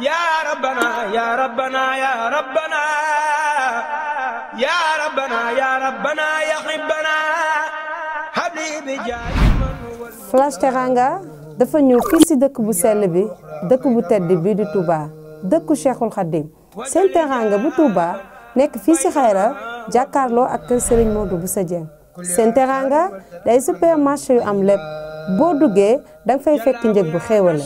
yaa rabbana Flash Teranga dafa ñëw fii ci dëkk bu sell bi dëkk bu tedd bi di Touba dëkku Cheikhul Khadim seen teranga bu Touba nekk fii ci Xayra jàkkaarloo ak kër Serigne Modou Bousso Dieng seen teranga day supermarché yu am lépp boo duggee da nga fay fekk njëg bu xéewale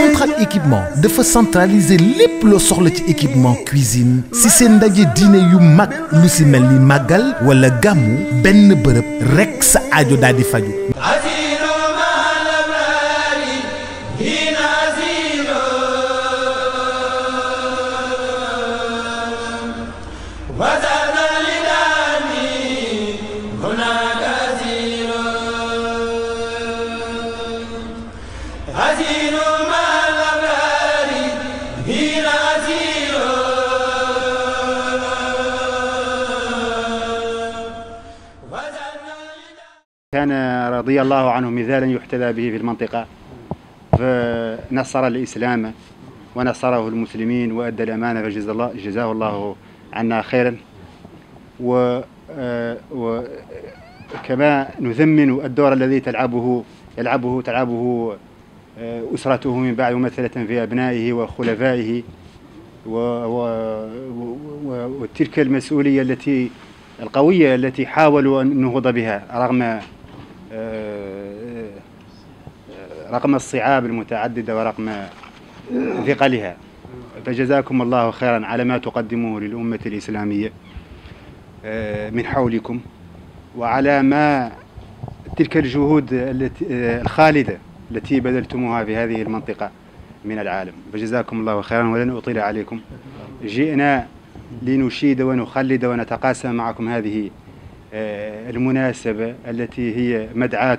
central équipement dafa centraliser lépp loo soxla ci équipement cuisine si seen ndaje diine yu mag lu si mel ni màggal wala gàmmu benn bërëb rekk sa aajo daal di faju كان رضي الله عنه مثالا يحتذى به في المنطقة فنصر الإسلام ونصره المسلمين وأدى الأمانة فجزاه الله عنا خيرا و وكما نثمن الدور الذي تلعبه يلعبه تلعبه أسرته من بعد ممثلة في أبنائه وخلفائه و... و... و... وتلك المسؤولية التي القوية التي حاولوا أن نهض بها رغم رقم الصعاب المتعددة ورقم ثقلها فجزاكم الله خيرا على ما تقدموه للأمة الإسلامية من حولكم وعلى ما تلك الجهود الخالدة التي بذلتموها في هذه المنطقة من العالم فجزاكم الله خيرا ولن أطيل عليكم جئنا لنشيد ونخلد ونتقاسم معكم هذه المناسبة التي هي مدعاة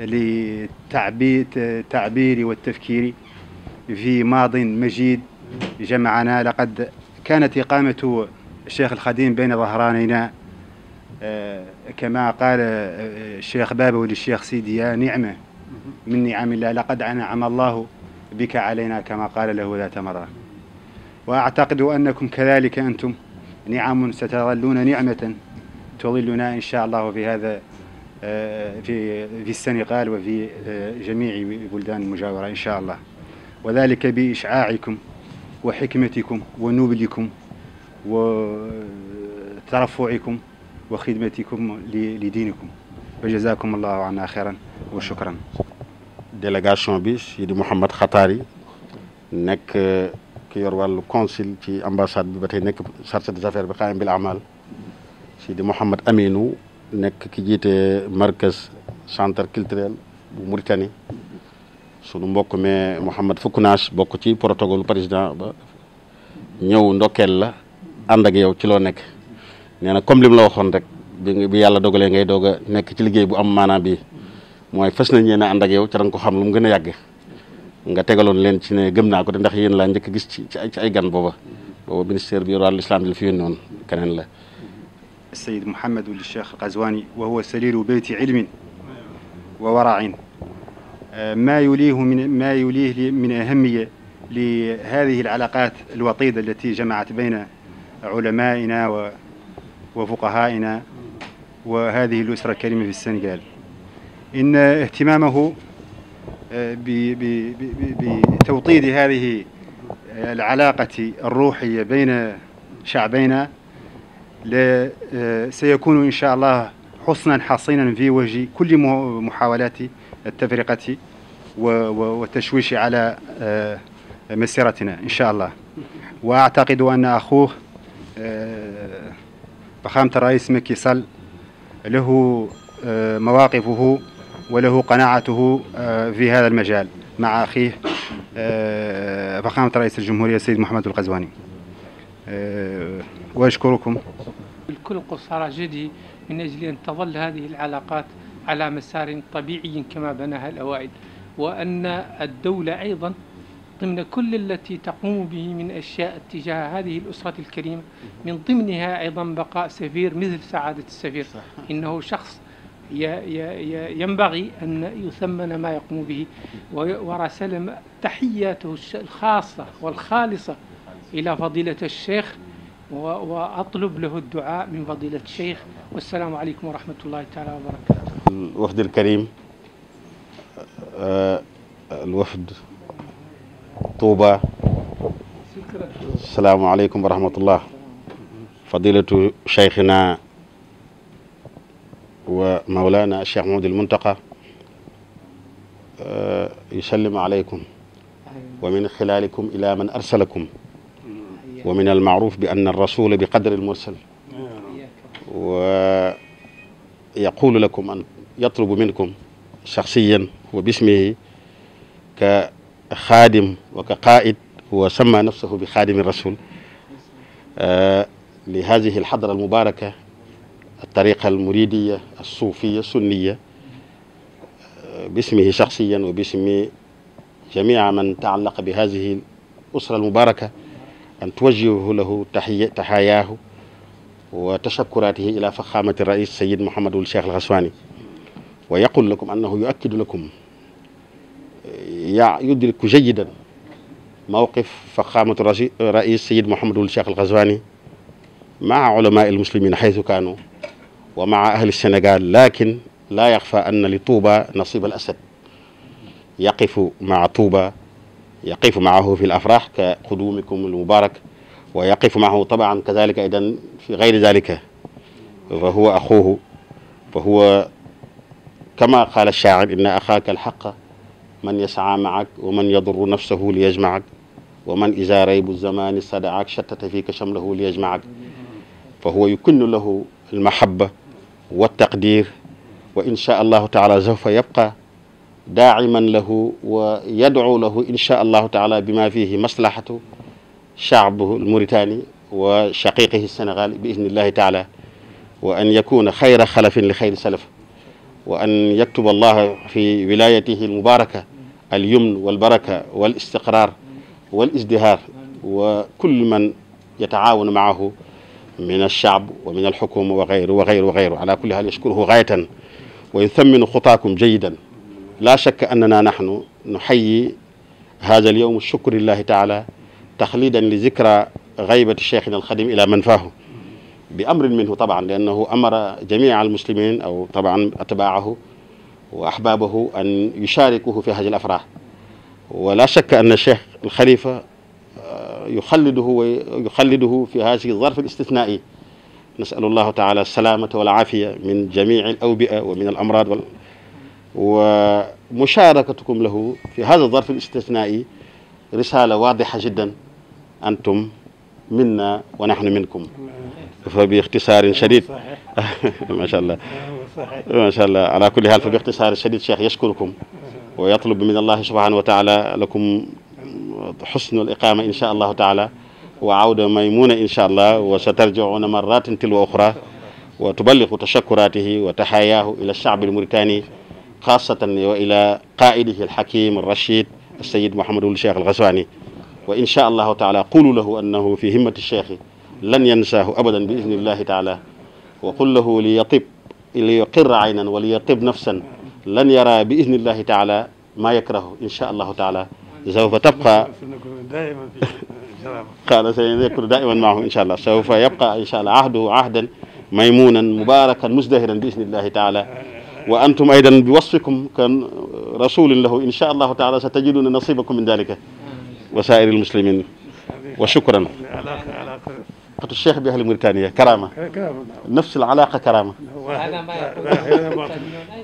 للتعبير والتفكير في ماض مجيد جمعنا لقد كانت إقامة الشيخ الخديم بين ظهرانينا كما قال الشيخ بابا للشيخ سيدي يا نعمة من نعم الله لقد أنعم الله بك علينا كما قال له ذات مرة وأعتقد أنكم كذلك أنتم نعم ستظلون نعمة تظلنا إن شاء الله في هذا في في السنغال وفي جميع بلدان المجاورة إن شاء الله وذلك بإشعاعكم وحكمتكم ونبلكم وترفعكم وخدمتكم لدينكم وجزاكم الله عنا خيرا وشكرا délégation bi Sidi Mouhamed Khatari nekk ki yor wàllu consul ci ambassade bi ba tey nekk chargé des affaires bi xaayam bil amal Sidi Mouhamed Aminou nekk ki jiite markaz centre culturel bu Mauritanie sunu mbokk me Mouhamed Foukounach bokk ci protocole président ba ñëw ndokkeel la ànd ak yow ci loo nekk nee na comme li mu la waxoon rek bi bi yàlla dogalee ngay doog nekk ci liggéey bu am maanaam bi mooy fas nañ yéen a ànd ak yow ca da ko xam lu mu gën a yàgg nga tegaloon leen ci ne gëm naa ko te ndax yéen laa njëkk gis ci ci ay gan booba booba ministère bi yoral islam bi fi yónnoon keneen la السيد محمد ولد الشيخ القزواني وهو سرير بيت علم وورع ما يليه من ما يليه من أهمية لهذه العلاقات الوطيدة التي جمعت بين علمائنا وفقهائنا وهذه الأسرة الكريمة في السنغال إن اهتمامه بتوطيد هذه العلاقة الروحية بين شعبينا سيكون إن شاء الله حصنا حصينا في وجه كل محاولات التفرقة والتشويش على مسيرتنا إن شاء الله وأعتقد أن أخوه فخامة الرئيس مكي سال له مواقفه وله قناعته في هذا المجال مع أخيه فخامة رئيس الجمهورية السيد محمد القزواني وأشكركم الكل قصارى جدي من أجل أن تظل هذه العلاقات على مسار طبيعي كما بناها الأوائل وأن الدولة أيضا ضمن كل التي تقوم به من أشياء تجاه هذه الأسرة الكريمة من ضمنها أيضا بقاء سفير مثل سعادة السفير إنه شخص ينبغي أن يثمن ما يقوم به ورسل تحياته الخاصة والخالصة إلى فضيلة الشيخ وأطلب له الدعاء من فضيلة الشيخ والسلام عليكم ورحمة الله تعالى وبركاته الوفد الكريم الوفد طوبى السلام عليكم ورحمة الله فضيلة شيخنا ومولانا الشيخ محمود المنتقى يسلم عليكم ومن خلالكم إلى من أرسلكم wa min almaaruf bi anna arrasula bi qadri almursal wa yaqulu lakum an yatlubu minkum shaxsiyan wa bismihi ka xaadim wa ka qaa'id wa sama nafsahu bi xaadimi rasul li hadihi alxadra almubaraka الطريقة المريدية الصوفية السنية باسمه شخصيا وباسم جميع من تعلق بهذه الأسرة المباركة an tuwajjihu lahu tahiya tahayaahu wa tashakkuratihi ila faxaamati rais sayid Mouhamadul Cheikh al Xaswaani wa yaqul lakum annahu yuakkidu lakum yaa yudriku jayidan mawqif faxaamatu rais sayid Mouhamadul Cheikh al Xaswaani maa ulamaa il muslimin xaytu kaanu wa maa ahli Sénégal laakin laa yaxfa anna li Touba nasiib al asad yaqifu maa Touba. يقف معه في الأفراح كقدومكم المبارك ويقف معه طبعا كذلك أيضا في غير ذلك فهو أخوه فهو كما قال الشاعر إن أخاك الحق من يسعى معك ومن يضر نفسه ليجمعك ومن إذا ريب الزمان صدعك شتت فيك شمله ليجمعك فهو يكن له المحبة والتقدير وإن شاء الله تعالى سوف يبقى daa'iman lahu wa yad'u lahu insha allahu taala bima fihi maslahatu shaabuhu almauritani wa shaqiqihi sénégal bi idnillahi taala wa an yakuna xayra xalafin li xayri salaf wa an yaktuba allah fi wilayatihi almubaraka alyumn walbaraka walistiqrar walisdihaar wa kulli man yataawanu maahu min alchaab wa min alxukuma wa gayru wa gayru wa gayru ala kulli haal yashkuruhu gaayatan wa yuthamminu xutaakum jayidan laa shakka annana nahnu nuhayyi haadha al yawm shukri lillahi taala taxlidan li zikra gaybati cheikhina alxadim ila man faahu bi amrin minhu taban li annahu amara jamia almuslimin aw taban atbaahu wa ahbaabahu an yusharikuhu fi hadi al afrah wa la shakka anna cheikh alxalifa uh, yuxalliduhu wa yuxalliduhu fi hadihi zarf alistisnai nasalu allahu taala alsalamata walaafia min jamii alawbia wa min alamrad wal ومشاركتكم له في هذا الظرف الاستثنائي رسالة واضحة جدا أنتم منا ونحن منكم فباختصار شديد ما شاء الله ما شاء الله على كل حال فباختصار شديد شيخ يشكركم ويطلب من الله سبحانه وتعالى لكم حسن الإقامة إن شاء الله تعالى وعودة ميمونة إن شاء الله وسترجعون مرات تلو أخرى وتبلغ تشكراته وتحاياه إلى الشعب الموريتاني xaasatan wa ila qaaidihi alxakim arrachid alsayid mahamadul cheikh alghaswani wa inchaa allahu taala qulu lahu annahu fi himmati cheikhi lan yansaahu abadan bi idnillahi taala wa qul lahu li yatib li yuqirra aynan wa li yatib nafsan lan yara bi idnillahi taala maa yakrahu inchaa allahu taala سوف تبقى دائما قال سيكون دائما معه ان شاء الله سوف يبقى ان شاء الله عهده عهدا ميمونا مباركا مزدهرا باذن الله تعالى wa antum aydan bi wasfikum kan rasulin lahu insha allahu taala sa tajiduna nasibakum min dalika wa sairil muslimin wa shukran علاقه الشيخ باهل موريتانيا كرامه نفس العلاقه كرامه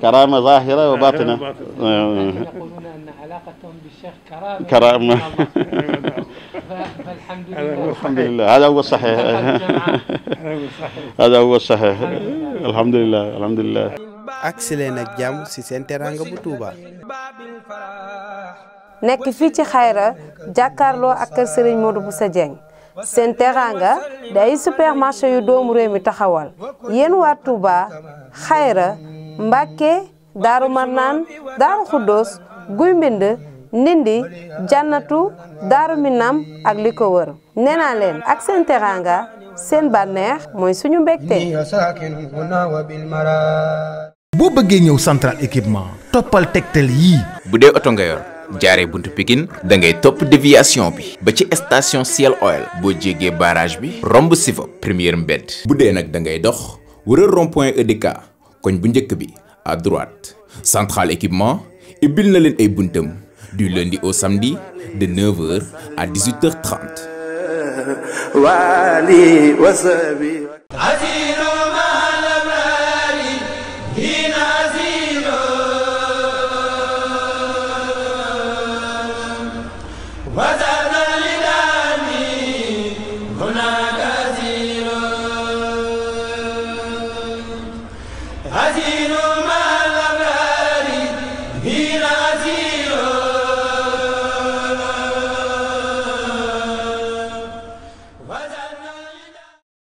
كرامه ظاهره وباطنه يقولون ان علاقتهم بالشيخ كرامه كرامه فالحمد لله الحمد لله هذا هو الصحيح هذا هو الصحيح الحمد لله الحمد لله agsi leen ak jàmm ci seen teraanga bu Touba. nekk fii ci xayra jàkkarloo ak kër Serigne Modou Bousso Dieng seen teraanga day supermarché yu doomu réew mi taxawal yéen waa Touba xayra Mbàkke Daaru Marnaan Daaru Xuddoos Guy Mbind Ndindi Jannatu Daaru Minam ak li ko wër leen ak seen teraanga seen bànneex mooy suñu mbégte boo bëggee ñëw central équipement toppal tegtal yii. bu dee oto nga yor jaaree bunt Pikine dangay topp déviation bi ba ci station Ciel Oil boo jéggee barrage bi romb Siva première mbedd. bu dee nag da ngay dox wëral rond-point EDK koñ bu njëkk bi à droite central équipement ibbil na leen ay buntam du lundi au samedi de 9h à h